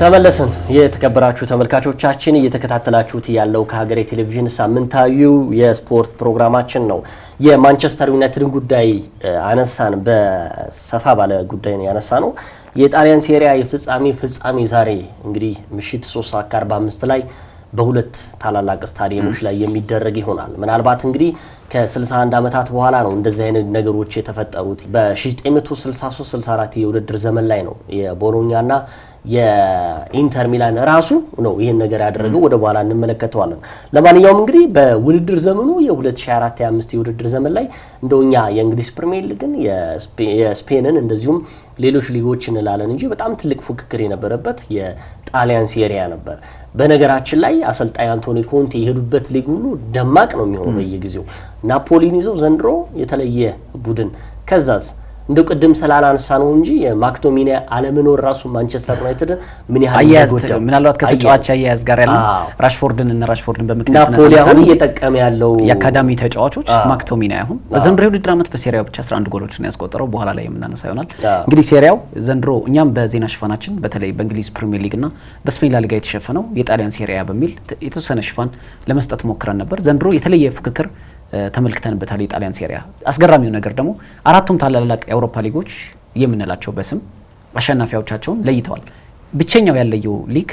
ተመለስን የተከበራችሁ ተመልካቾቻችን፣ እየተከታተላችሁት ያለው ከሀገሬ ቴሌቪዥን ሳምንታዊው የስፖርት ፕሮግራማችን ነው። የማንቸስተር ዩናይትድን ጉዳይ አነሳን፣ በሰፋ ባለ ጉዳይ ነው ያነሳ ነው። የጣሊያን ሴሪያ የፍጻሜ ፍጻሜ ዛሬ እንግዲህ ምሽት 3 ሰዓት 45 ላይ በሁለት ታላላቅ ስታዲየሞች ላይ የሚደረግ ይሆናል። ምናልባት እንግዲህ ከ61 ዓመታት በኋላ ነው እንደዚህ አይነት ነገሮች የተፈጠሩት። በ1963/64 የውድድር ዘመን ላይ ነው የቦሎኛና የኢንተር ሚላን ራሱ ነው ይህን ነገር ያደረገው። ወደ በኋላ እንመለከተዋለን። ለማንኛውም እንግዲህ በውድድር ዘመኑ የ2024/25 የውድድር ዘመን ላይ እንደውኛ የእንግሊዝ ፕሪሚየር ሊግን የስፔንን እንደዚሁም ሌሎች ሊጎች እንላለን እንጂ በጣም ትልቅ ፉክክር የነበረበት የጣሊያን ሴሪያ ነበር። በነገራችን ላይ አሰልጣኝ አንቶኒ ኮንቴ የሄዱበት ሊግ ሁሉ ደማቅ ነው የሚሆነው በየጊዜው ናፖሊን ይዘው ዘንድሮ የተለየ ቡድን ከዛዝ እንደው ቅድም ስላላነሳ ነው እንጂ የማክቶሚኒያ አለመኖር ራሱ ማንቸስተር ዩናይትድ ምን ያህል አያያዝ ምናልባት ከተጫዋች አያያዝ ጋር ያለ ራሽፎርድን እና ራሽፎርድን በምክንያት ናፖሊ አሁን እየጠቀመ ያለው የአካዳሚ ተጫዋቾች ማክቶሚኒ አሁን በዘንድሮ የውድድር ዓመት በሴሪያው ብቻ 11 ጎሎችን ያስቆጠረው በኋላ ላይ የምናነሳ ይሆናል። እንግዲህ ሴሪያው ዘንድሮ እኛም በዜና ሽፋናችን በተለይ በእንግሊዝ ፕሪሚየር ሊግ እና በስፔን ላሊጋ የተሸፈነው የጣሊያን ሴሪያ በሚል የተወሰነ ሽፋን ለመስጠት ሞክረን ነበር። ዘንድሮ የተለየ ፍክክር ተመልክተንበታል። የጣሊያን ሴሪያ አስገራሚው ነገር ደግሞ አራቱም ታላላቅ የአውሮፓ ሊጎች የምንላቸው በስም አሸናፊዎቻቸውን ለይተዋል። ብቸኛው ያለየው ሊግ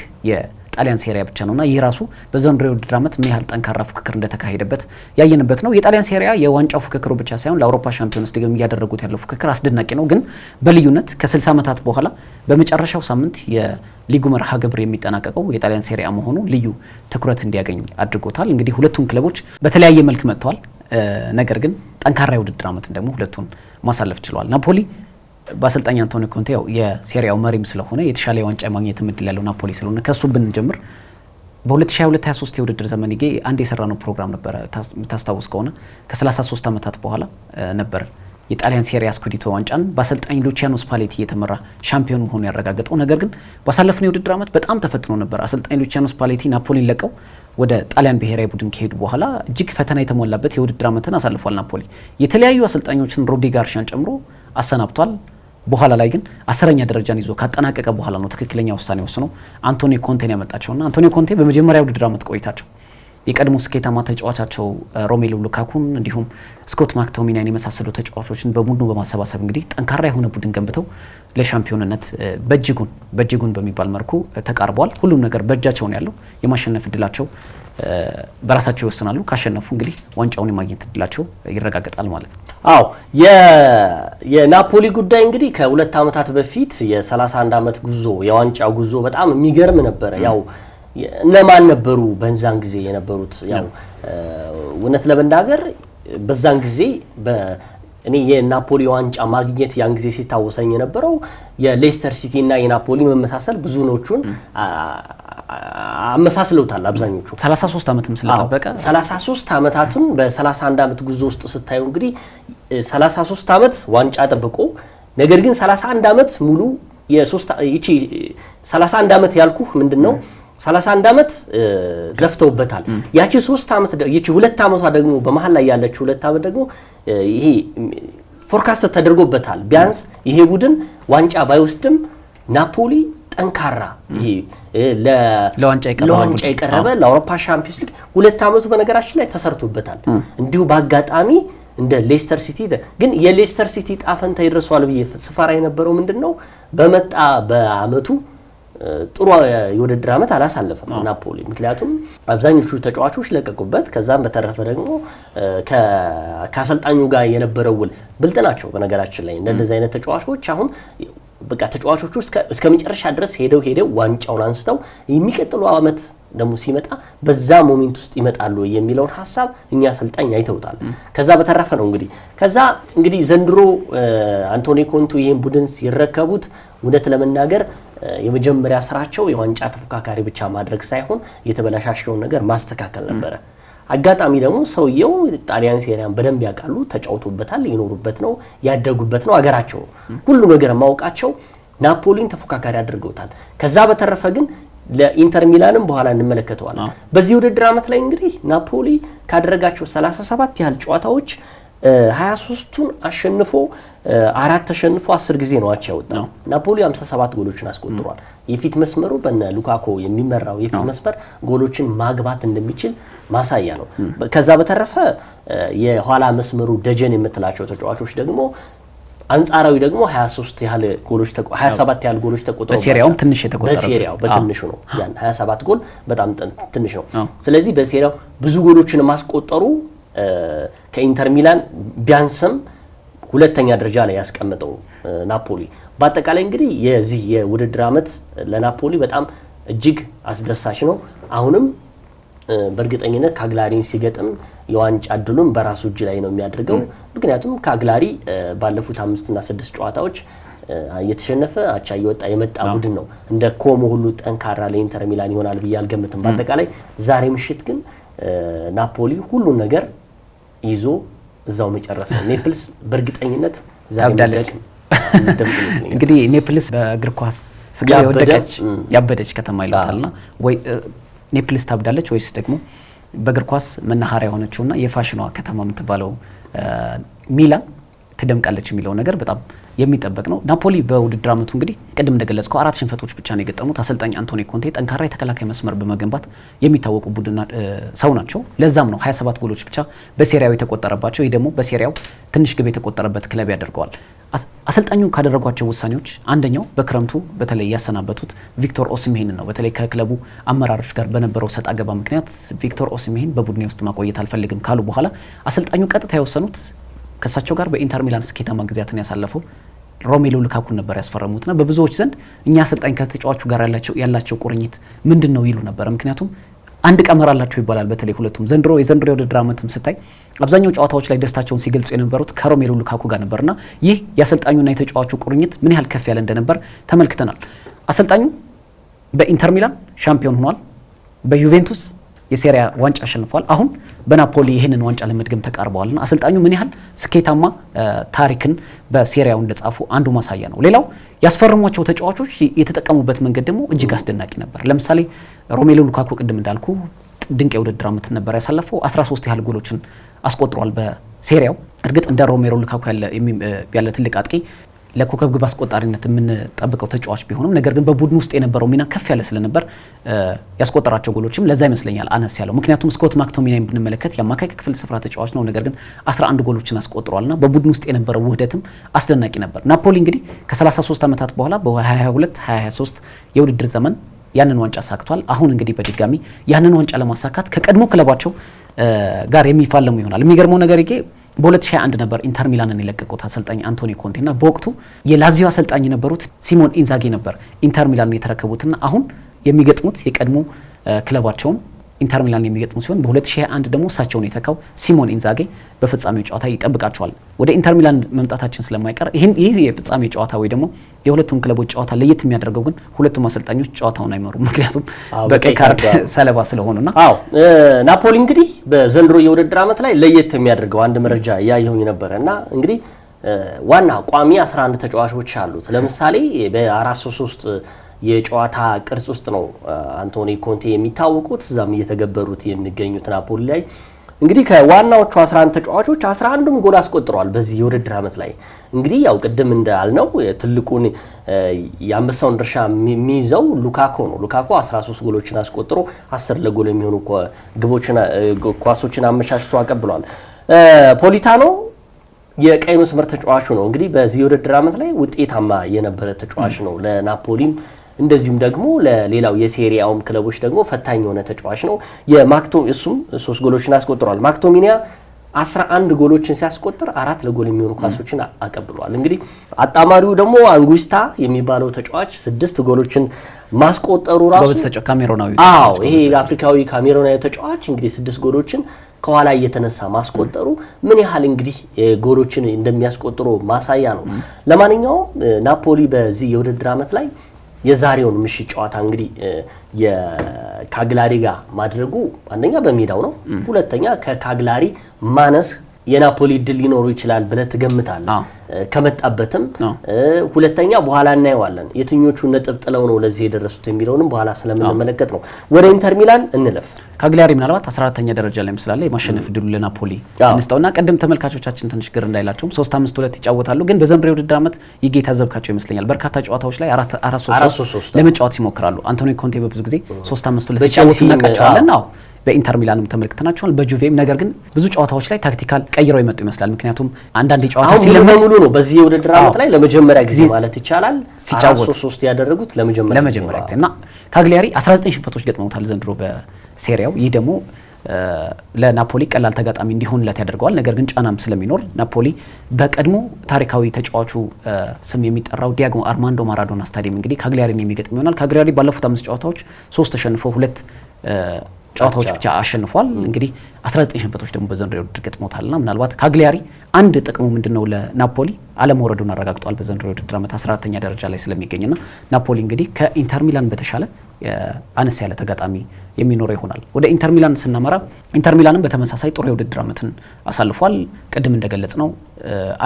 ጣሊያን ሴሪያ ብቻ ነውና ይህ ራሱ በዘንድሮ የውድድር ዓመት ምን ያህል ጠንካራ ፉክክር እንደተካሄደበት ያየንበት ነው። የጣሊያን ሴሪያ የዋንጫው ፉክክሩ ብቻ ሳይሆን ለአውሮፓ ሻምፒዮንስ ሊግም እያደረጉት ያለው ፉክክር አስደናቂ ነው። ግን በልዩነት ከ60 ዓመታት በኋላ በመጨረሻው ሳምንት የሊጉ መርሃ ግብር የሚጠናቀቀው የጣሊያን ሴሪያ መሆኑ ልዩ ትኩረት እንዲያገኝ አድርጎታል። እንግዲህ ሁለቱም ክለቦች በተለያየ መልክ መጥተዋል። ነገር ግን ጠንካራ የውድድር ዓመትን ደግሞ ሁለቱን ማሳለፍ ችለዋል። ናፖሊ በአሰልጣኝ አንቶኒ ኮንቴ ያው የሴሪያው መሪም ስለሆነ የተሻለ የዋንጫ ማግኘት እድል ያለው ናፖሊ ስለሆነ ከእሱ ብንጀምር በ2022/23 የውድድር ዘመን ጌ አንድ የሰራ ነው ፕሮግራም ነበረ። የምታስታውስ ከሆነ ከ33 ዓመታት በኋላ ነበረ የጣሊያን ሴሪያ ስኩዲቶ ዋንጫን በአሰልጣኝ ሉቺያኖ ስፓሌቲ እየተመራ ሻምፒዮን መሆኑ ያረጋገጠው። ነገር ግን ባሳለፍነው የውድድር ዓመት በጣም ተፈትኖ ነበር። አሰልጣኝ ሉቺያኖ ስፓሌቲ ናፖሊን ለቀው ወደ ጣሊያን ብሔራዊ ቡድን ከሄዱ በኋላ እጅግ ፈተና የተሞላበት የውድድር ዓመትን አሳልፏል። ናፖሊ የተለያዩ አሰልጣኞችን ሮዲ ጋርሻን ጨምሮ አሰናብቷል። በኋላ ላይ ግን አስረኛ ደረጃን ይዞ ካጠናቀቀ በኋላ ነው ትክክለኛ ውሳኔ ወስኖ አንቶኒ ኮንቴን ያመጣቸውና አንቶኒ ኮንቴ በመጀመሪያ ውድድር መት ቆይታቸው የቀድሞ ስኬታማ ተጫዋቻቸው ሮሜሉ ሉካኩን እንዲሁም ስኮት ማክቶሚናን የመሳሰሉ ተጫዋቾችን በቡድኑ በማሰባሰብ እንግዲህ ጠንካራ የሆነ ቡድን ገንብተው ለሻምፒዮንነት በእጅጉን በእጅጉን በሚባል መልኩ ተቃርበዋል። ሁሉም ነገር በእጃቸውን ያለው። የማሸነፍ እድላቸው በራሳቸው ይወስናሉ። ካሸነፉ እንግዲህ ዋንጫውን የማግኘት እድላቸው ይረጋገጣል ማለት ነው። አዎ የናፖሊ ጉዳይ እንግዲህ ከሁለት ዓመታት በፊት የ31 ዓመት ጉዞ የዋንጫ ጉዞ በጣም የሚገርም ነበረ። ያው እነማን ነበሩ በዛን ጊዜ የነበሩት? ያው እውነት ለመናገር በዛን ጊዜ እኔ የናፖሊ ዋንጫ ማግኘት ያን ጊዜ ሲታወሰኝ የነበረው የሌስተር ሲቲ እና የናፖሊ መመሳሰል ብዙዎቹን አመሳስለውታል አብዛኞቹ 33 ዓመትም ስለጠበቀ 33 ዓመታትም በ31 ዓመት ጉዞ ውስጥ ስታዩ እንግዲህ 33 ዓመት ዋንጫ ጠብቆ ነገር ግን 31 ዓመት ሙሉ የሶስት ይቺ 31 ዓመት ያልኩህ ምንድን ነው 31 ዓመት ለፍተውበታል። ያቺ 3 ዓመት ይቺ ሁለት ዓመቷ ደግሞ በመሀል ላይ ያለችው ሁለት ዓመት ደግሞ ይሄ ፎርካስት ተደርጎበታል። ቢያንስ ይሄ ቡድን ዋንጫ ባይወስድም ናፖሊ ጠንካራ ይሄ ለዋንጫ የቀረበ ለአውሮፓ ሻምፒዮንስ ሊግ ሁለት ዓመቱ በነገራችን ላይ ተሰርቶበታል። እንዲሁ በአጋጣሚ እንደ ሌስተር ሲቲ ግን የሌስተር ሲቲ ጣፈንታ ይደርሰዋል ብዬ ስፈራ የነበረው ምንድን ነው በመጣ በአመቱ ጥሩ የውድድር ዓመት አላሳለፈም ናፖሊ። ምክንያቱም አብዛኞቹ ተጫዋቾች ለቀቁበት። ከዛም በተረፈ ደግሞ ከአሰልጣኙ ጋር የነበረው ውል ብልጥ ናቸው። በነገራችን ላይ እንደዚህ አይነት ተጫዋቾች አሁን በቃ ተጫዋቾቹ እስከ መጨረሻ ድረስ ሄደው ሄደው ዋንጫውን አንስተው የሚቀጥለው ዓመት ደግሞ ሲመጣ በዛ ሞሜንት ውስጥ ይመጣሉ የሚለውን ሀሳብ እኛ አሰልጣኝ አይተውታል። ከዛ በተረፈ ነው እንግዲህ ከዛ እንግዲህ ዘንድሮ አንቶኒ ኮንቱ ይህን ቡድን ሲረከቡት እውነት ለመናገር የመጀመሪያ ስራቸው የዋንጫ ተፎካካሪ ብቻ ማድረግ ሳይሆን የተበላሻሸውን ነገር ማስተካከል ነበረ። አጋጣሚ ደግሞ ሰውየው ጣሊያን ሴሪያን በደንብ ያውቃሉ፣ ተጫውቶበታል፣ ይኖሩበት ነው፣ ያደጉበት ነው፣ አገራቸው ነው። ሁሉ ነገር ማውቃቸው ናፖሊን ተፎካካሪ አድርገውታል። ከዛ በተረፈ ግን ለኢንተር ሚላንም በኋላ እንመለከተዋል። በዚህ ውድድር ዓመት ላይ እንግዲህ ናፖሊ ካደረጋቸው 37 ያህል ጨዋታዎች 23ቱን አሸንፎ አራት ተሸንፎ አስር ጊዜ ነው አቻ ያወጣው። ናፖሊ 57 ጎሎችን አስቆጥሯል። የፊት መስመሩ በነ ሉካኮ የሚመራው የፊት መስመር ጎሎችን ማግባት እንደሚችል ማሳያ ነው። ከዛ በተረፈ የኋላ መስመሩ ደጀን የምትላቸው ተጫዋቾች ደግሞ አንጻራዊ ደግሞ 23 ያህል ጎሎች 27 ያህል ጎሎች ተቆጥሮ በሴሪያውም ትንሽ የተቆጠረው በሴሪያው በትንሹ ነው። ያን 27 ጎል በጣም ትንሽ ነው። ስለዚህ በሴሪያው ብዙ ጎሎችን ማስቆጠሩ ከኢንተር ሚላን ቢያንስም ሁለተኛ ደረጃ ላይ ያስቀምጠው ናፖሊ። በአጠቃላይ እንግዲህ የዚህ የውድድር ዓመት ለናፖሊ በጣም እጅግ አስደሳች ነው። አሁንም በእርግጠኝነት ካግላሪን ሲገጥም የዋንጫ እድሉን በራሱ እጅ ላይ ነው የሚያደርገው። ምክንያቱም ካግላሪ ባለፉት አምስትና ስድስት ጨዋታዎች እየተሸነፈ አቻ እየወጣ የመጣ ቡድን ነው። እንደ ኮሞ ሁሉ ጠንካራ ለኢንተር ሚላን ይሆናል ብዬ አልገምትም። በአጠቃላይ ዛሬ ምሽት ግን ናፖሊ ሁሉን ነገር ይዞ እዛው መጨረስ ነው። ኔፕልስ በእርግጠኝነት ዛሬ እንግዲህ ኔፕልስ በእግር ኳስ ፍቅር የወደቀች ያበደች ከተማ ና ወይ ኔፕልስ ታብዳለች ወይስ ደግሞ በእግር ኳስ መናኸሪያ የሆነችውና የፋሽኗ ከተማ የምትባለው ሚላን ትደምቃለች የሚለው ነገር በጣም የሚጠበቅ ነው። ናፖሊ በውድድር አመቱ እንግዲህ ቅድም እንደገለጽከው አራት ሽንፈቶች ብቻ ነው የገጠሙት። አሰልጣኝ አንቶኒ ኮንቴ ጠንካራ የተከላካይ መስመር በመገንባት የሚታወቁ ቡድን ሰው ናቸው። ለዛም ነው 27 ጎሎች ብቻ በሴሪያው የተቆጠረባቸው። ይህ ደግሞ በሴሪያው ትንሽ ግብ የተቆጠረበት ክለብ ያደርገዋል። አሰልጣኙ ካደረጓቸው ውሳኔዎች አንደኛው በክረምቱ በተለይ ያሰናበቱት ቪክቶር ኦስሜሄን ነው። በተለይ ከክለቡ አመራሮች ጋር በነበረው ሰጥ አገባ ምክንያት ቪክቶር ኦስሜሄን በቡድኔ ውስጥ ማቆየት አልፈልግም ካሉ በኋላ አሰልጣኙ ቀጥታ የወሰኑት ከእሳቸው ጋር በኢንተር ሚላን ስኬታማ ጊዜያትን ያሳለፈው ሮሜሎ ልካኩን ነበር ያስፈረሙት ና በብዙዎች ዘንድ እኛ አሰልጣኝ ከተጫዋቹ ጋር ያላቸው ቁርኝት ምንድን ነው ይሉ ነበር። ምክንያቱም አንድ ቀመር አላቸው ይባላል። በተለይ ሁለቱም ዘንድሮ የዘንድሮ የውድድር አመትም ስታይ አብዛኛው ጨዋታዎች ላይ ደስታቸውን ሲገልጹ የነበሩት ከሮሜሎ ሉካኩ ጋር ና ይህ የአሰልጣኙና የተጫዋቹ ቁርኝት ምን ያህል ከፍ ያለ እንደነበር ተመልክተናል። አሰልጣኙ በኢንተር ሚላን ሻምፒዮን ሆኗል። በዩቬንቱስ የሴሪያ ዋንጫ አሸንፏል። አሁን በናፖሊ ይህንን ዋንጫ ለመድገም ተቃርበዋልና አሰልጣኙ ምን ያህል ስኬታማ ታሪክን በሴሪያው እንደጻፉ አንዱ ማሳያ ነው። ሌላው ያስፈርሟቸው ተጫዋቾች የተጠቀሙበት መንገድ ደግሞ እጅግ አስደናቂ ነበር። ለምሳሌ ሮሜሎ ሉካኩ ቅድም እንዳልኩ ድንቅ የውድድር ዓመት ነበር ያሳለፈው። 13 ያህል ጎሎችን አስቆጥሯል በሴሪያው። እርግጥ እንደ ሮሜሮ ሉካኩ ያለ ትልቅ አጥቂ ለኮከብ ግብ አስቆጣሪነት የምንጠብቀው ተጫዋች ቢሆንም ነገር ግን በቡድን ውስጥ የነበረው ሚና ከፍ ያለ ስለነበር ያስቆጠራቸው ጎሎችም ለዛ ይመስለኛል አነስ ያለው። ምክንያቱም ስኮት ማክቶሚናይን ብንመለከት የአማካይ ክፍል ስፍራ ተጫዋች ነው፣ ነገር ግን 11 ጎሎችን አስቆጥሯልና በቡድን ውስጥ የነበረው ውህደትም አስደናቂ ነበር። ናፖሊ እንግዲህ ከ33 ዓመታት በኋላ በ22 23 የውድድር ዘመን ያንን ዋንጫ አሳክቷል። አሁን እንግዲህ በድጋሚ ያንን ዋንጫ ለማሳካት ከቀድሞ ክለባቸው ጋር የሚፋለሙ ይሆናል። የሚገርመው ነገር በ2021 ነበር ኢንተር ሚላንን የለቀቁት አሰልጣኝ አንቶኒ ኮንቴ እና በወቅቱ የላዚዮ አሰልጣኝ የነበሩት ሲሞን ኢንዛጌ ነበር ኢንተር ሚላንን የተረከቡትና አሁን የሚገጥሙት የቀድሞ ክለባቸውን ኢንተር ሚላን የሚገጥሙ ሲሆን በ2021 ደግሞ እሳቸውን የተካው ሲሞን ኢንዛጌ በፍጻሜው ጨዋታ ይጠብቃቸዋል። ወደ ኢንተር ሚላን መምጣታችን ስለማይቀር ይህ የፍጻሜ ጨዋታ ወይ ደግሞ የሁለቱም ክለቦች ጨዋታ ለየት የሚያደርገው ግን ሁለቱም አሰልጣኞች ጨዋታውን አይመሩም። ምክንያቱም በቀይ ካርድ ሰለባ ስለሆኑና። አዎ ናፖሊ እንግዲህ በዘንድሮ የውድድር ዓመት ላይ ለየት የሚያደርገው አንድ መረጃ እያየሁኝ ነበረ እና እንግዲህ ዋና ቋሚ 11 ተጫዋቾች አሉት። ለምሳሌ በ433 የጨዋታ ቅርጽ ውስጥ ነው አንቶኒ ኮንቴ የሚታወቁት። እዛም እየተገበሩት የሚገኙት ናፖሊ ላይ እንግዲህ ከዋናዎቹ 11 ተጫዋቾች 11ዱም ጎል አስቆጥረዋል በዚህ የውድድር ዓመት ላይ እንግዲህ ያው ቅድም እንዳልነው ትልቁን የአንበሳውን ድርሻ የሚይዘው ሉካኮ ነው። ሉካኮ 13 ጎሎችን አስቆጥሮ 10 ለጎል የሚሆኑ ኳሶችን አመቻችቶ አቀብሏል። ፖሊታኖ የቀይ መስመር ተጫዋቹ ነው። እንግዲህ በዚህ የውድድር ዓመት ላይ ውጤታማ የነበረ ተጫዋች ነው። ለናፖሊም እንደዚሁም ደግሞ ለሌላው የሴሪያውም ክለቦች ደግሞ ፈታኝ የሆነ ተጫዋች ነው። የማክቶ እሱም ሶስት ጎሎችን አስቆጥሯል። ማክቶሚኒያ አስራ አንድ ጎሎችን ሲያስቆጥር አራት ለጎል የሚሆኑ ኳሶችን አቀብሏል እንግዲህ አጣማሪው ደግሞ አንጉስታ የሚባለው ተጫዋች ስድስት ጎሎችን ማስቆጠሩ ራሱ ካሜሮናዊ፣ አዎ ይሄ አፍሪካዊ ካሜሮናዊ ተጫዋች እንግዲህ ስድስት ጎሎችን ከኋላ እየተነሳ ማስቆጠሩ ምን ያህል እንግዲህ ጎሎችን እንደሚያስቆጥሩ ማሳያ ነው። ለማንኛውም ናፖሊ በዚህ የውድድር ዓመት ላይ የዛሬውን ምሽት ጨዋታ እንግዲህ ከካግላሪ ጋር ማድረጉ አንደኛ በሜዳው ነው፣ ሁለተኛ ከካግላሪ ማነስ የናፖሊ ድል ሊኖሩ ይችላል ብለህ ትገምታለህ? ከመጣበትም ሁለተኛ በኋላ እናየዋለን የትኞቹ ነጥብ ጥለው ነው ለዚህ የደረሱት የሚለውንም በኋላ ስለምንመለከት ነው። ወደ ኢንተር ሚላን እንለፍ። ካግሊያሪ ምናልባት 14 ደረጃ ላይ ስላለ የማሸነፍ ድሉ ለናፖሊ እና ቀደም ተመልካቾቻችን ትንሽ ግር እንዳይላቸውም 3 5 2 ይጫወታሉ። ግን በዘንድሮው የውድድር ዓመት ይጌ የታዘብካቸው ይመስለኛል። በርካታ ጨዋታዎች ላይ 4 3 3 ለመጫወት ይሞክራሉ። አንቶኒ ኮንቴ በብዙ ጊዜ 3 5 2 ሲጫወት እናቃቸዋለን። አዎ በኢንተር ሚላንም ተመልክተናቸዋል፣ በጁቬም። ነገር ግን ብዙ ጨዋታዎች ላይ ታክቲካል ቀይረው የመጡ ይመስላል። ምክንያቱም አንዳንድ ጨዋታ ሲለመድ ሙሉ ነው። በዚህ የውድድር አመት ላይ ለመጀመሪያ ጊዜ ማለት ይቻላል ሲጫወት ሶስት ያደረጉት ለመጀመሪያ ጊዜ እና ካግሊያሪ 19 ሽንፈቶች ገጥመውታል ዘንድሮ በሴሪያው ይህ ደግሞ ለናፖሊ ቀላል ተጋጣሚ እንዲሆንለት ያደርገዋል። ነገር ግን ጫናም ስለሚኖር ናፖሊ በቀድሞ ታሪካዊ ተጫዋቹ ስም የሚጠራው ዲያጎ አርማንዶ ማራዶና ስታዲየም እንግዲህ ካግሊያሪን የሚገጥም ይሆናል። ካግሊያሪ ባለፉት አምስት ጨዋታዎች ሶስት ተሸንፎ ሁለት ጨዋታዎች ብቻ አሸንፏል። እንግዲህ 19 ሽንፈቶች ደግሞ በዘንድሮ ውድድር ና ምናልባት ካግሊያሪ አንድ ጥቅሙ ምንድነው ለናፖሊ አለመውረዱን አረጋግጧል። በዘንድሮ ውድድር ዓመት 14 ተኛ ደረጃ ላይ ስለሚገኝና ናፖሊ እንግዲህ ከኢንተር ሚላን በተሻለ አነስ ያለ ተጋጣሚ የሚኖረው ይሆናል። ወደ ኢንተር ሚላን ስናመራ ኢንተር ሚላንም በተመሳሳይ ጥሩ የውድድር ዓመትን አሳልፏል። ቅድም እንደገለጽ ነው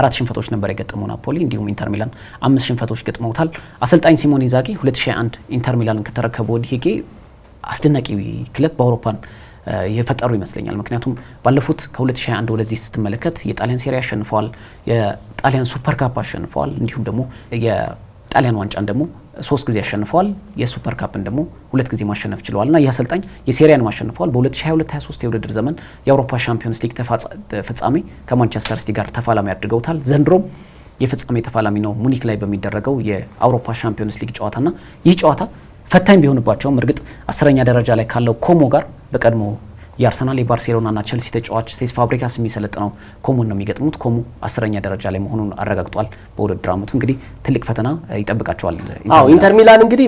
አራት ሽንፈቶች ነበር የገጠመው ናፖሊ፣ እንዲሁም ኢንተር ሚላን አምስት ሽንፈቶች ገጥመውታል። አሰልጣኝ ሲሞኔ ኢንዛጊ 2001 ኢንተር ሚላንን ከተረከቡ ወዲህ አስደናቂ ክለብ በአውሮፓን የፈጠሩ ይመስለኛል። ምክንያቱም ባለፉት ከ2021 ወደዚህ ስትመለከት የጣሊያን ሴሪያ አሸንፈዋል፣ የጣሊያን ሱፐር ካፕ አሸንፈዋል፣ እንዲሁም ደግሞ የጣሊያን ዋንጫን ደግሞ ሶስት ጊዜ አሸንፈዋል። የሱፐር ካፕን ደግሞ ሁለት ጊዜ ማሸነፍ ችለዋል እና ይህ አሰልጣኝ የሴሪያን ማሸንፈዋል። በ2022/23 የውድድር ዘመን የአውሮፓ ሻምፒዮንስ ሊግ ፍጻሜ ከማንቸስተር ሲቲ ጋር ተፋላሚ አድርገውታል። ዘንድሮም የፍጻሜ ተፋላሚ ነው ሙኒክ ላይ በሚደረገው የአውሮፓ ሻምፒዮንስ ሊግ ጨዋታና ይህ ጨዋታ ፈታኝ ቢሆንባቸውም እርግጥ አስረኛ ደረጃ ላይ ካለው ኮሞ ጋር በቀድሞ የአርሰናል የባርሴሎናና ቸልሲ ተጫዋች ሴስ ፋብሪካስ የሚሰለጥነው ኮሞን ነው የሚገጥሙት። ኮሞ አስረኛ ደረጃ ላይ መሆኑን አረጋግጧል። በውድድር አመቱ እንግዲህ ትልቅ ፈተና ይጠብቃቸዋል። አዎ ኢንተር ሚላን እንግዲህ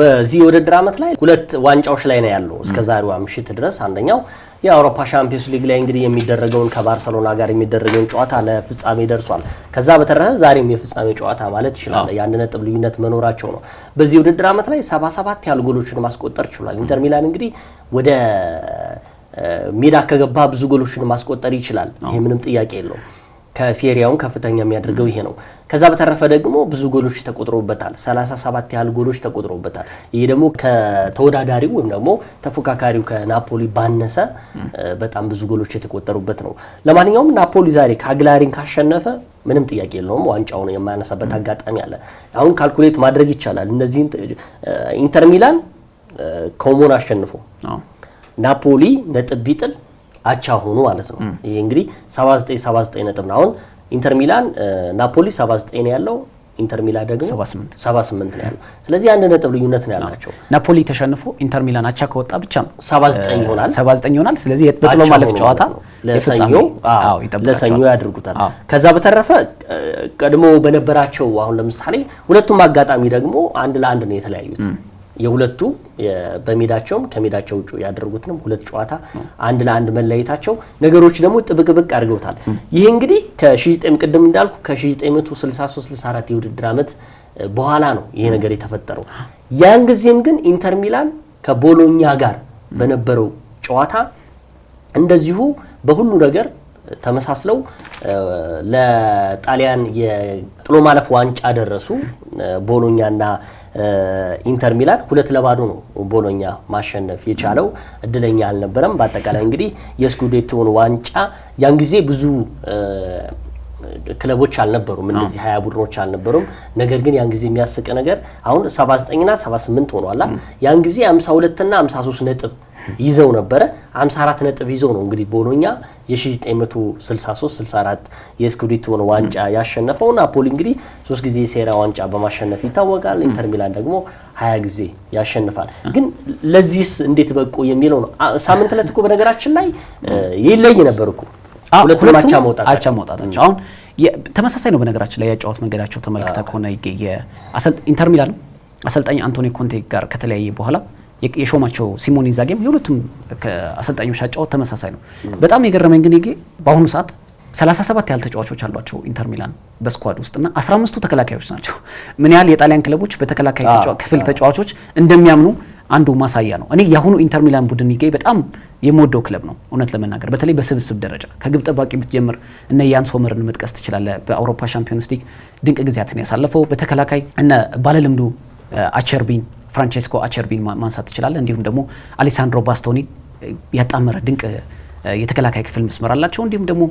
በዚህ የውድድር አመት ላይ ሁለት ዋንጫዎች ላይ ነው ያለው እስከ ዛሬዋ ምሽት ድረስ አንደኛው የአውሮፓ ሻምፒዮንስ ሊግ ላይ እንግዲህ የሚደረገውን ከባርሰሎና ጋር የሚደረገውን ጨዋታ ለፍጻሜ ደርሷል። ከዛ በተረፈ ዛሬም የፍጻሜ ጨዋታ ማለት ይችላል። የአንድ ነጥብ ልዩነት መኖራቸው ነው። በዚህ ውድድር ዓመት ላይ ሰባ ሰባት ያህል ጎሎችን ማስቆጠር ችሏል። ኢንተር ሚላን እንግዲህ ወደ ሜዳ ከገባ ብዙ ጎሎችን ማስቆጠር ይችላል። ይሄ ምንም ጥያቄ የለውም። ከሴሪያውም ከፍተኛ የሚያደርገው ይሄ ነው። ከዛ በተረፈ ደግሞ ብዙ ጎሎች ተቆጥሮበታል። 37 ያህል ጎሎች ተቆጥሮበታል። ይህ ደግሞ ከተወዳዳሪው ወይም ደግሞ ተፎካካሪው ከናፖሊ ባነሰ በጣም ብዙ ጎሎች የተቆጠሩበት ነው። ለማንኛውም ናፖሊ ዛሬ ካግላሪን ካሸነፈ ምንም ጥያቄ የለውም ዋንጫውን የማያነሳበት አጋጣሚ አለ። አሁን ካልኩሌት ማድረግ ይቻላል። እነዚህን ኢንተር ሚላን ኮሞን አሸንፎ ናፖሊ ነጥብ ቢጥል አቻ ሆኑ ማለት ነው። ይሄ እንግዲህ 79 79 ነጥብ ነው። አሁን ኢንተር ሚላን ናፖሊ 79 ነው ያለው ኢንተር ሚላን ደግሞ 78 78 ነው ያለው። ስለዚህ አንድ ነጥብ ልዩነት ነው ያላቸው። ናፖሊ ተሸንፎ ኢንተር ሚላን አቻ ከወጣ ብቻ ነው 79 ይሆናል 79 ይሆናል። ስለዚህ በጥሎ ማለፍ ጨዋታ ለሰኞ አዎ ለሰኞ ያድርጉታል። ከዛ በተረፈ ቀድሞ በነበራቸው አሁን ለምሳሌ ሁለቱም አጋጣሚ ደግሞ አንድ ለአንድ ነው የተለያዩት የሁለቱ በሜዳቸውም ከሜዳቸው ውጭ ያደረጉትንም ሁለት ጨዋታ አንድ ለአንድ መለየታቸው ነገሮች ደግሞ ጥብቅብቅ አድርገውታል። ይህ እንግዲህ ከ9 ቅድም እንዳልኩ ከ1963/64 የውድድር ዓመት በኋላ ነው ይሄ ነገር የተፈጠረው። ያን ጊዜም ግን ኢንተር ሚላን ከቦሎኛ ጋር በነበረው ጨዋታ እንደዚሁ በሁሉ ነገር ተመሳስለው ለጣሊያን የጥሎ ማለፍ ዋንጫ ደረሱ። ቦሎኛና ኢንተር ሚላን ሁለት ለባዶ ነው ቦሎኛ ማሸነፍ የቻለው እድለኛ አልነበረም። በአጠቃላይ እንግዲህ የስኩዴቶውን ዋንጫ ያን ጊዜ ብዙ ክለቦች አልነበሩም፣ እንደዚህ ሀያ ቡድኖች አልነበሩም። ነገር ግን ያን ጊዜ የሚያስቅ ነገር አሁን 79ና 78 ሆኗላ ያን ጊዜ 52ና 53 ነጥብ ይዘው ነበረ። 54 ነጥብ ይዞ ነው እንግዲህ ቦሎኛ የ1963 64 የስኩዲት ሆነ ዋንጫ ያሸነፈው። ናፖሊ እንግዲህ ሶስት ጊዜ ሴራ ዋንጫ በማሸነፍ ይታወቃል። ኢንተር ሚላን ደግሞ 20 ጊዜ ያሸንፋል። ግን ለዚህስ እንዴት በቁ የሚለው ነው። ሳምንት ዕለት እኮ በነገራችን ላይ ይለይ ነበር እኮ ሁለቱም አቻ መውጣታቸው አሁን ተመሳሳይ ነው። በነገራችን ላይ ያጫወት መንገዳቸው ተመልክተ ከሆነ ኢንተር ሚላን አሰልጣኝ አንቶኒ ኮንቴ ጋር ከተለያየ በኋላ የሾማቸው ሲሞን ኢንዛጌም የሁለቱም አሰልጣኞች አጫወት ተመሳሳይ ነው። በጣም የገረመኝ ግን በአሁኑ ሰዓት 37 ያህል ተጫዋቾች አሏቸው ኢንተር ሚላን በስኳድ ውስጥ እና 15ቱ ተከላካዮች ናቸው። ምን ያህል የጣሊያን ክለቦች በተከላካይ ክፍል ተጫዋቾች እንደሚያምኑ አንዱ ማሳያ ነው። እኔ የአሁኑ ኢንተር ሚላን ቡድን ይገኝ በጣም የምወደው ክለብ ነው። እውነት ለመናገር በተለይ በስብስብ ደረጃ ከግብ ጠባቂ ብትጀምር እነ ያን ሶመርን መጥቀስ ትችላለህ። በአውሮፓ ሻምፒዮንስ ሊግ ድንቅ ጊዜያትን ያሳለፈው በተከላካይ እነ ባለልምዱ አቸርቢን ፍራንቼስኮ አቸርቢን ማንሳት ትችላለ። እንዲሁም ደግሞ አሌሳንድሮ ባስቶኒ ያጣመረ ድንቅ የተከላካይ ክፍል መስመር አላቸው። እንዲሁም ደግሞ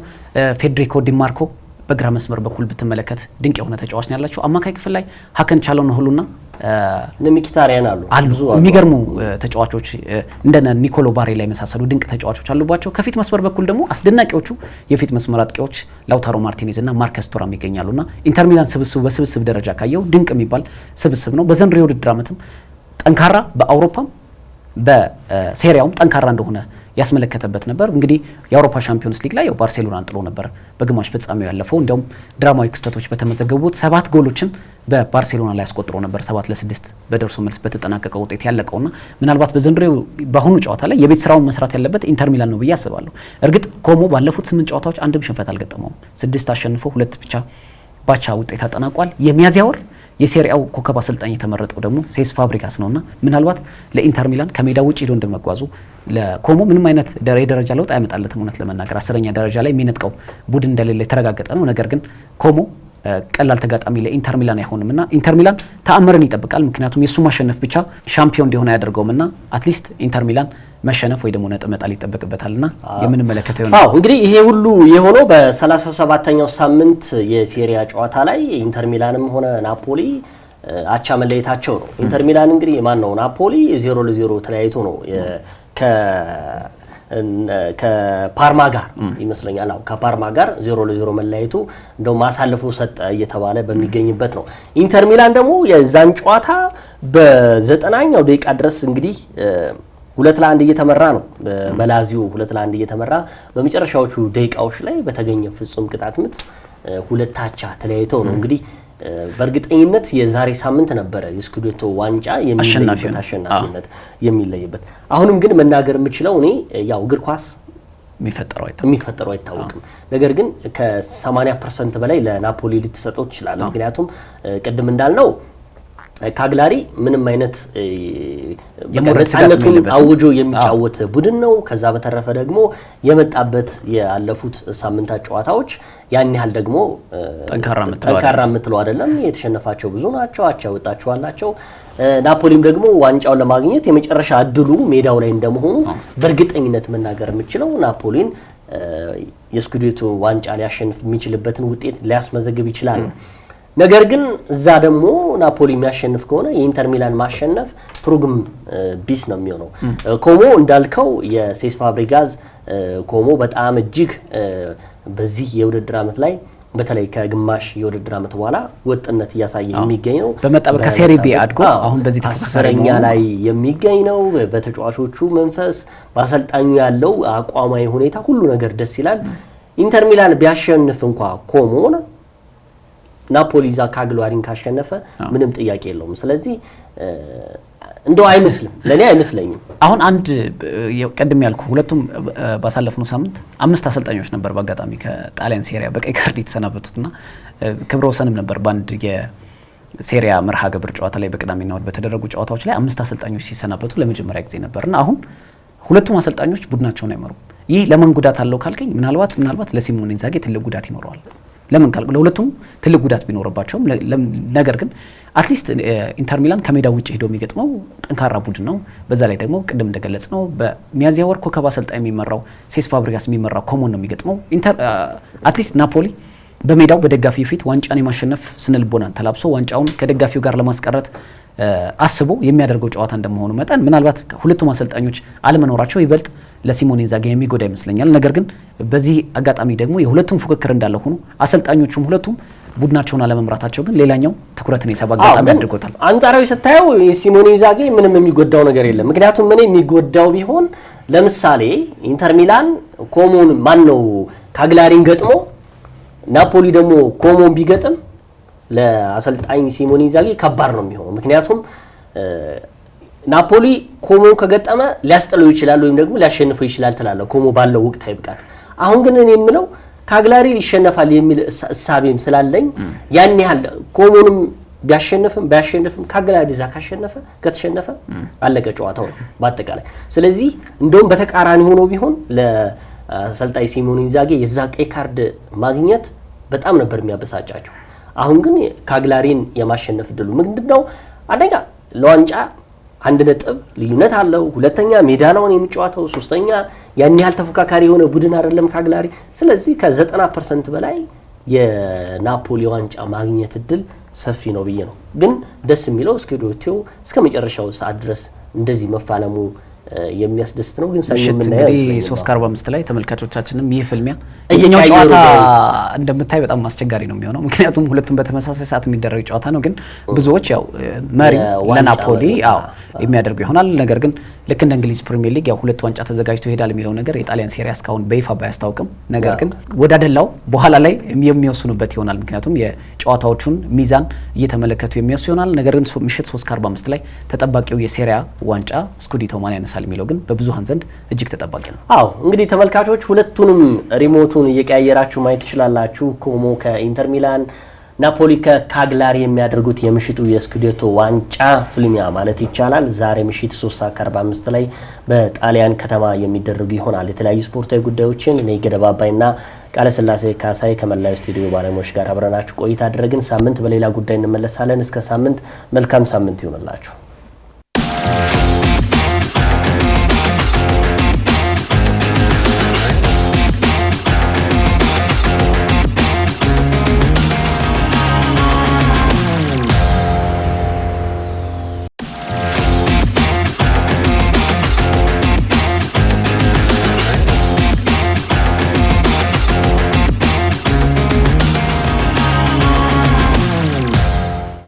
ፌዴሪኮ ዲማርኮ በግራ መስመር በኩል ብትመለከት ድንቅ የሆነ ተጫዋች ነው ያላቸው። አማካይ ክፍል ላይ ሀከን ቻለው ሁሉና ሚኪታሪያን አሉ አሉ የሚገርሙ ተጫዋቾች እንደነ ኒኮሎ ላይ የመሳሰሉ ድንቅ ተጫዋቾች አሉባቸው። ከፊት መስመር በኩል ደግሞ አስደናቂዎቹ የፊት መስመር አጥቂዎች ላውታሮ ማርቲኔዝ እና ማርከስ ቱራም ይገኛሉና ኢንተር ሚላን ስብስቡ በስብስብ ደረጃ ካየው ድንቅ የሚባል ስብስብ ነው። በዘንድሮ የውድድር ዓመትም ጠንካራ በአውሮፓም በሴሪያውም ጠንካራ እንደሆነ ያስመለከተበት ነበር። እንግዲህ የአውሮፓ ሻምፒዮንስ ሊግ ላይ ባርሴሎናን ጥሎ ነበር በግማሽ ፍጻሜው ያለፈው። እንዲያውም ድራማዊ ክስተቶች በተመዘገቡት ሰባት ጎሎችን በባርሴሎና ላይ አስቆጥሮ ነበር። ሰባት ለስድስት በደርሶ መልስ በተጠናቀቀ ውጤት ያለቀውና ምናልባት በዘንድሮ በአሁኑ ጨዋታ ላይ የቤት ስራውን መስራት ያለበት ኢንተር ሚላን ነው ብዬ አስባለሁ። እርግጥ ኮሞ ባለፉት ስምንት ጨዋታዎች አንድም ሽንፈት አልገጠመውም። ስድስት አሸንፎ ሁለት ብቻ ባቻ ውጤት አጠናቋል። የሚያዝያ ወር የሴሪያው ኮከብ አሰልጣኝ የተመረጠው ደግሞ ሴስ ፋብሪካስ ነውና ምናልባት ለኢንተር ሚላን ከሜዳ ውጭ ሄዶ እንደመጓዙ ለኮሞ ምንም አይነት የደረጃ ለውጥ አይመጣለትም። እውነት ለመናገር አስረኛ ደረጃ ላይ የሚነጥቀው ቡድን እንደሌለ የተረጋገጠ ነው። ነገር ግን ኮሞ ቀላል ተጋጣሚ ለኢንተር ሚላን አይሆንም እና ኢንተር ሚላን ተአምርን ይጠብቃል። ምክንያቱም የእሱ ማሸነፍ ብቻ ሻምፒዮን እንዲሆን አያደርገውም እና አትሊስት ኢንተር ሚላን መሸነፍ ወይ ደግሞ ነጥብ መጣል ይጠበቅበታልና የምንመለከተው ነው። እንግዲህ ይሄ ሁሉ የሆነው በ37ኛው ሳምንት የሴሪያ ጨዋታ ላይ ኢንተር ሚላንም ሆነ ናፖሊ አቻ መለየታቸው ነው። ኢንተር ሚላን እንግዲህ ማን ነው ናፖሊ ዜሮ ለዜሮ ተለያይቶ ነው ከ ከፓርማ ጋር ይመስለኛል። አዎ ከፓርማ ጋር ዜሮ ለዜሮ መለያየቱ እንደው ማሳለፉ ሰጠ እየተባለ በሚገኝበት ነው። ኢንተር ሚላን ደግሞ የዛን ጨዋታ በዘጠናኛው ደቂቃ ድረስ እንግዲህ ሁለት ለአንድ እየተመራ ነው በላዚዮ ሁለት ለአንድ እየተመራ በመጨረሻዎቹ ደቂቃዎች ላይ በተገኘ ፍጹም ቅጣት ምት ሁለታቻ አቻ ተለያይተው ነው እንግዲህ በእርግጠኝነት የዛሬ ሳምንት ነበረ የስኩዴቶ ዋንጫ የሚለይበት አሸናፊነት የሚለይበት። አሁንም ግን መናገር የምችለው እኔ ያው እግር ኳስ የሚፈጠረው አይታወቅም። ነገር ግን ከ80 ፐርሰንት በላይ ለናፖሊ ልትሰጠው ትችላለ። ምክንያቱም ቅድም እንዳልነው ካግላሪ ምንም አይነት ነፃነቱን አውጆ የሚጫወት ቡድን ነው። ከዛ በተረፈ ደግሞ የመጣበት ያለፉት ሳምንታት ጨዋታዎች ያን ያህል ደግሞ ጠንካራ የምትለው አይደለም። የተሸነፋቸው ብዙ ናቸው፣ አቻ ወጣቸው አላቸው። ናፖሊም ደግሞ ዋንጫውን ለማግኘት የመጨረሻ እድሉ ሜዳው ላይ እንደመሆኑ በእርግጠኝነት መናገር የምችለው ናፖሊን የስኩዴቶ ዋንጫ ሊያሸንፍ የሚችልበትን ውጤት ሊያስመዘግብ ይችላል። ነገር ግን እዛ ደግሞ ናፖሊ የሚያሸንፍ ከሆነ የኢንተር ሚላን ማሸነፍ ትሩግም ቢስ ነው የሚሆነው። ኮሞ እንዳልከው የሴስ ፋብሪጋዝ ኮሞ በጣም እጅግ በዚህ የውድድር ዓመት ላይ በተለይ ከግማሽ የውድድር ዓመት በኋላ ወጥነት እያሳየ የሚገኝ ነው። በመጣበቅ ከሴሪ ቢ አድጎ አሁን በዚህ አስረኛ ላይ የሚገኝ ነው። በተጫዋቾቹ መንፈስ፣ በአሰልጣኙ ያለው አቋማዊ ሁኔታ ሁሉ ነገር ደስ ይላል። ኢንተር ሚላን ቢያሸንፍ እንኳ ኮሞን ናፖሊ ዛ ካግሏሪን ካሸነፈ ምንም ጥያቄ የለውም። ስለዚህ እንደው አይመስልም፣ ለእኔ አይመስለኝም። አሁን አንድ ቅድም ያልኩ ሁለቱም ባሳለፍነው ሳምንት አምስት አሰልጣኞች ነበር በአጋጣሚ ከጣሊያን ሴሪያ በቀይ ካርድ የተሰናበቱትና ክብረ ወሰንም ነበር በአንድ ሴሪያ መርሃ ግብር ጨዋታ ላይ በቅዳሜና እሁድ በተደረጉ ጨዋታዎች ላይ አምስት አሰልጣኞች ሲሰናበቱ ለመጀመሪያ ጊዜ ነበርና አሁን ሁለቱም አሰልጣኞች ቡድናቸውን አይመሩም። ይህ ለመንጉዳት ጉዳት አለው ካልከኝ ምናልባት ምናልባት ለሲሞኔ ኢንዛጌ ትልቅ ጉዳት ይኖረዋል። ለምን ካልኩ ለሁለቱም ትልቅ ጉዳት ቢኖርባቸውም፣ ነገር ግን አትሊስት ኢንተር ሚላን ከሜዳ ውጭ ሄዶ የሚገጥመው ጠንካራ ቡድን ነው። በዛ ላይ ደግሞ ቅድም እንደገለጽ ነው በሚያዚያ ወር ኮከብ አሰልጣኝ የሚመራው ሴስ ፋብሪጋስ የሚመራው ኮሞን ነው የሚገጥመው። አትሊስት ናፖሊ በሜዳው በደጋፊው ፊት ዋንጫን የማሸነፍ ስነልቦናን ተላብሶ ዋንጫውን ከደጋፊው ጋር ለማስቀረት አስቦ የሚያደርገው ጨዋታ እንደመሆኑ መጠን ምናልባት ሁለቱም አሰልጣኞች አለመኖራቸው ይበልጥ ለሲሞኔ ኢንዛጊ የሚጎዳ ይመስለኛል። ነገር ግን በዚህ አጋጣሚ ደግሞ የሁለቱም ፉክክር እንዳለ ሆኖ አሰልጣኞቹም ሁለቱም ቡድናቸውን አለመምራታቸው ግን ሌላኛው ትኩረትን የሳብ አጋጣሚ አድርጎታል። አንጻራዊ ስታየው ሲሞኔ ኢንዛጊ ምንም የሚጎዳው ነገር የለም። ምክንያቱም እኔ የሚጎዳው ቢሆን ለምሳሌ ኢንተር ሚላን ኮሞን ማን ነው ካግላሪን ገጥሞ ናፖሊ ደግሞ ኮሞን ቢገጥም ለአሰልጣኝ ሲሞኒ ኢንዛጊ ከባድ ነው የሚሆነው። ምክንያቱም ናፖሊ ኮሞ ከገጠመ ሊያስጥለው ይችላል ወይም ደግሞ ሊያሸንፈው ይችላል ትላለ ኮሞ ባለው ወቅታዊ ብቃት አሁን ግን እኔ የምለው ካግላሪ ይሸነፋል የሚል እሳቤም ስላለኝ ያን ያህል ኮሞንም ቢያሸንፍም ቢያሸንፍም ካግላሪ ዛ ካሸነፈ ከተሸነፈ አለቀ ጨዋታው ነው በአጠቃላይ። ስለዚህ እንደውም በተቃራኒ ሆኖ ቢሆን ለአሰልጣኝ ሲሞኒ ኢንዛጊ የዛ ቀይ ካርድ ማግኘት በጣም ነበር የሚያበሳጫቸው። አሁን ግን ካግላሪን የማሸነፍ ድሉ ምንድን ነው? አንደኛ ለዋንጫ አንድ ነጥብ ልዩነት አለው። ሁለተኛ ሜዳ ላውን የሚጫወተው፣ ሶስተኛ ያን ያህል ተፎካካሪ የሆነ ቡድን አይደለም ካግላሪ። ስለዚህ ከዘጠና ፐርሰንት በላይ የናፖሊ ዋንጫ ማግኘት እድል ሰፊ ነው ብዬ ነው። ግን ደስ የሚለው እስኪ ዶቴው እስከ መጨረሻው ሰዓት ድረስ እንደዚህ መፋለሙ የሚያስደስት ነው። ግን ሰኞ እንግዲህ ሶስት ከአርባ አምስት ላይ ተመልካቾቻችንም ይህ ፍልሚያ የኛው ጨዋታ እንደምታይ በጣም አስቸጋሪ ነው የሚሆነው ምክንያቱም ሁለቱም በተመሳሳይ ሰዓት የሚደረግ ጨዋታ ነው። ግን ብዙዎች ያው መሪ ለናፖሊ የሚያደርጉ ይሆናል ነገር ግን ልክ እንደ እንግሊዝ ፕሪሚየር ሊግ ያው ሁለት ዋንጫ ተዘጋጅቶ ይሄዳል የሚለው ነገር የጣሊያን ሴሪያ እስካሁን በይፋ ባያስታውቅም፣ ነገር ግን ወዳደላው በኋላ ላይ የሚወስኑበት ይሆናል። ምክንያቱም የጨዋታዎቹን ሚዛን እየተመለከቱ የሚወስ ይሆናል። ነገር ግን ምሽት 3 ከ45 ላይ ተጠባቂው የሴሪያ ዋንጫ ስኩዲቶ ማን ያነሳል የሚለው ግን በብዙሀን ዘንድ እጅግ ተጠባቂ ነው። አዎ እንግዲህ ተመልካቾች ሁለቱንም ሪሞቱን እየቀያየራችሁ ማየት ትችላላችሁ። ኮሞ ከኢንተር ሚላን ናፖሊ ከካግላሪ የሚያደርጉት የምሽቱ የስኩዴቶ ዋንጫ ፍልሚያ ማለት ይቻላል ዛሬ ምሽት 3 ከ45 ላይ በጣሊያን ከተማ የሚደረጉ ይሆናል። የተለያዩ ስፖርታዊ ጉዳዮችን እኔ ገደባ አባይና ቃለ ስላሴ ካሳይ ከመላዩ ስቱዲዮ ባለሙያዎች ጋር አብረናችሁ ቆይታ አድረግን። ሳምንት በሌላ ጉዳይ እንመለሳለን። እስከ ሳምንት መልካም ሳምንት ይሆንላችሁ።